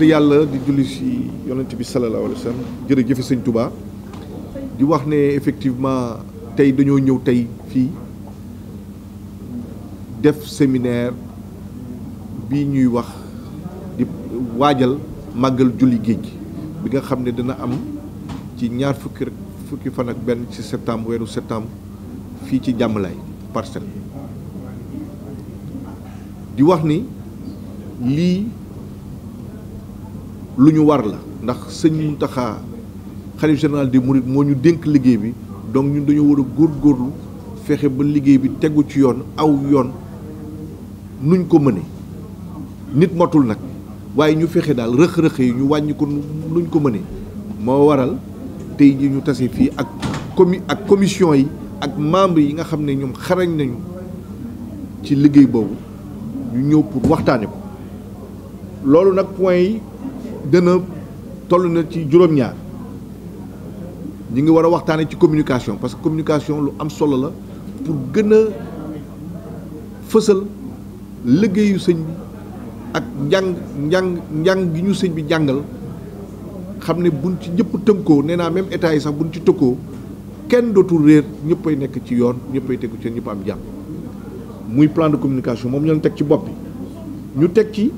sant yàlla di julli si yonent bi sallallahu alayhi wa sallam jërëjëf sëñ Touba di wax ne effectivement tey dañoo ñëw tey fii def séminaire bi ñuy wax di waajal màggal julli géej gi bi nga xam ne dina am ci ñaar fukki fukki fan ak benn ci septembre weeru septembre fii ci jàmmalaay parcelle di wax ni lii lu ñu war la ndax sëñ Muntaxa xalif général des mourides moo ñu dénk liggéey bi donc ñun dañoo war a góorlu fexe ba liggéey bi tegu ci yoon aw yoon nuñ ko mëne nit motul nag waaye ñu fexe daal rëx yi ñu wàññi ko nuñ ko mëne moo waral tey ji ñu tase fii ak comi commission yi ak membres yi nga xam ne ñoom xarañ nañu ci liggéey boobu ñu ñëw pour waxtaane ko loolu nag point yi dana toll na ci juróom-ñaar ñu ngi war a waxtaanee ci communication parce que communication lu am solo la pour gën a fësal liggéeyu sëñ bi ak njàng njàng njàng gi ñu sëñ bi jàngal xam ne buñ ci ñëpp tënkoo nee naa même état yi sax buñ ci tëkkoo kenn dootul réer ñëppay nekk ci yoon ñëppay tegu ci ñëpp am jàmm muy plan de communication moom ñu teg ci bopp ñu teg ci.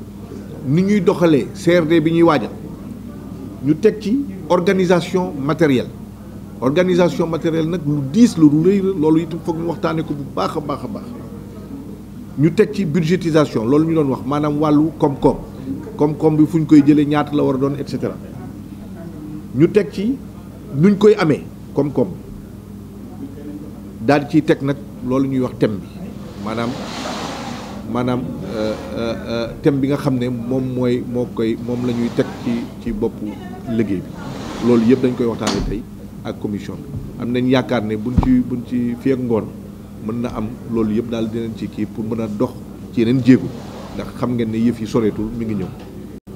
ni ñuy doxalee CRD bi ñuy waajal ñu teg ci organisation matérielle organisation matérielle nag lu diis lu rëy loolu itam foog ñu waxtaanee ko bu baax a baax a baax ñu teg ci budgétisation loolu ñu doon wax maanaam wàllu koom-koom koom-koom bi fu ñu koy jëlee ñaata la war a doon et cetera ñu teg ci nuñ koy amee koom-koom daal ciy teg nag loolu ñuy wax thème bi maanaam. maanaam euh, euh, euh, thème bi nga xam ne moom mooy moo koy moom la ñuy teg ci ci boppu liggéey bi loolu yëpp dañ koy waxtaanee tey ak commission bi am nañ yaakaar ne buñ ci buñ ci fii ak ngoon mën na am loolu yëpp daal dinañ ci kii pour mën a dox ci yeneen jéego ndax xam ngeen ne yëf yi soreetul mu ngi ñëw.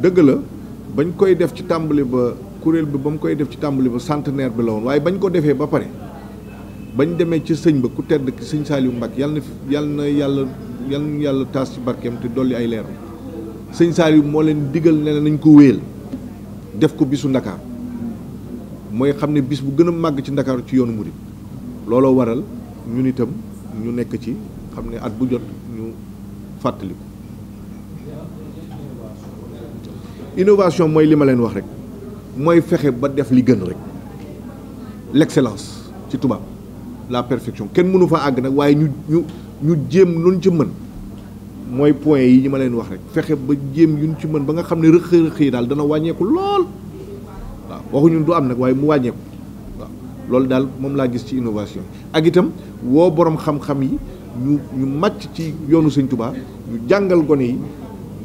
dëgg la bañ koy def ci tàmbali ba kuréel bi ba mu koy def ci tàmbali ba centenaire bi la woon waaye bañ ko defee ba pare bañ demee ci sëñ ba ku tedd ki sëñ Saliou Mbacke yàlla na yàlla na yàlla. yal na yàlla taas ci barkeem te dolli ay leeram sëñ Saliou moo leen digal ne nañ ko wéyal def ko bisu ndakaar mooy xam ne bis bu gën a màgg ci ndakaaru ci yoonu murit looloo waral ñun itam ñu nekk ci xam ne at bu jot ñu fàttaliku innovation mooy li ma leen wax rek mooy fexe ba def li gën rek l'excellence ci tubaab la perfection kenn mënu fa àgg nag waaye ñu ñu ñu jéem luñ ci mën mooy point yi ñu ma leen wax rek fexe ba jéem yuñ ci mën ba nga xam ne rëq-rëq yi daal dana wàññeeku lool waaw waxuñu du am nag waaye mu wàññeeku waaw loolu daal moom laa gis ci innovation ak itam woo boroom xam-xam yi ñu ñu màcc ci yoonu Sëñ Tuubaa ñu jàngal gone yi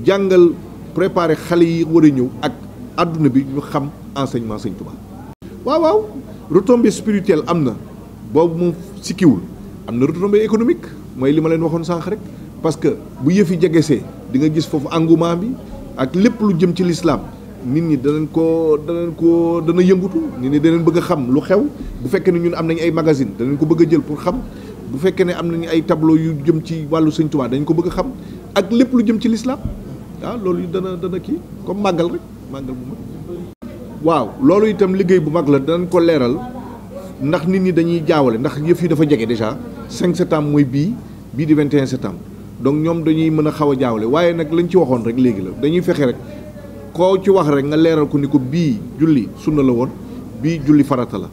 jàngal préparer xale yi war a ñëw ak àdduna bi ñu xam enseignement Sëñ Tuubaa waaw waaw retombée spirituelle am na boobu moom sikkiwul am na retombée économique mooy li ma leen waxoon sànq rek parce que bu yëfi jegesee di nga gis foofu engouement bi ak lépp lu jëm ci lislaam nit ñi danañ ko danañ ko dana yëngutu nit ñi bëgg a xam lu xew bu fekkee ne ñun am nañ ay magazine danañ ko bëgg a jël pour xam bu fekkee ne am nañu ay tableau yu jëm ci wàllu Sëñ Tuubaa dañ ko bëgg a xam ak lépp lu jëm ci lislaam ah loolu dana dana kii comme màggal rek màggal bu mag waaw loolu itam liggéey bu mag la danañ ko leeral ndax nit ñi dañuy jaawale ndax yëf yi dafa jege déjà cinq septembre mooy bii bii di 21 septembre donc ñoom dañuy mën a xaw a jaawale waaye nag lañu ci waxoon rek léegi la dañuy fexe rek koo ci wax rek nga leeral ko ni ko bii julli sunna la woon bii julli farata la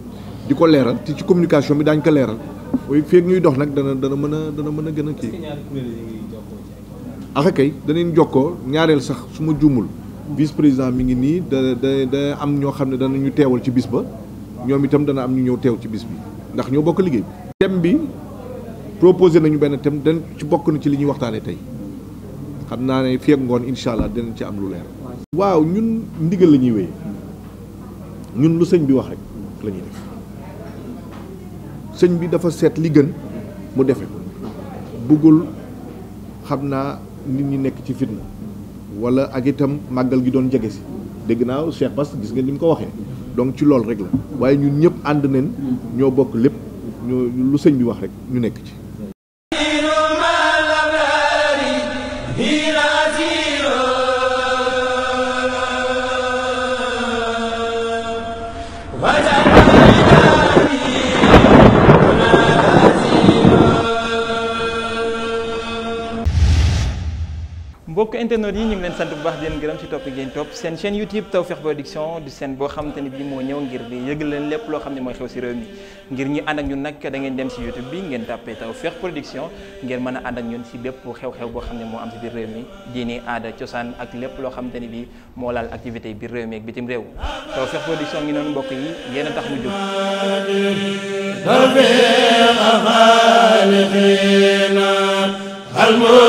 di ko leeral te ci communication bi daañ ko leeral oui feeg ñuy dox nag dana dana mën a dana mën a gën a kii axa kay danañ jokkoo ñaareel sax su ma juumul vice président mi ngi nii da am ñoo xam ne danañu teewal ci bis ba ñoom itam dana am ñu ñëw teew ci bis bi ndax ñoo bokk liggéey bi. thème bi proposé nañu benn thème dañ ci bokk na ci li ñuy waxtaanee tey xam naa ne fii ngoon incha allah dinañ ci am lu leer. waaw ñun ndigal la ñuy wéyee ñun lu sëñ bi wax rek la def sëñ bi dafa seet li gën mu defe ko bëggul xam naa nit ñi nekk ci fitna wala ak itam màggal gi doon jege si dégg naa Cheikh Bass gis nga ni mu ko waxee. donc ci loolu rek la waaye ñun ñépp ànd nañ ñoo bokk lépp lu sëñ bi wax rek ñu nekk ci Voilà mbokk internet yi ñu ngi leen sant bu baax di leen ci topp seen chaîne YouTube Tawfekh Production du seen boo xamante ne bii moo ñëw ngir di yëgal lépp loo xam ne mooy xew ci réew mi ngir ñu ànd ak ñun nag da dem ci YouTube bi ngeen tàppee Tawfekh Production a Production ngi noonu mbokk yi yéen a tax mu jóg.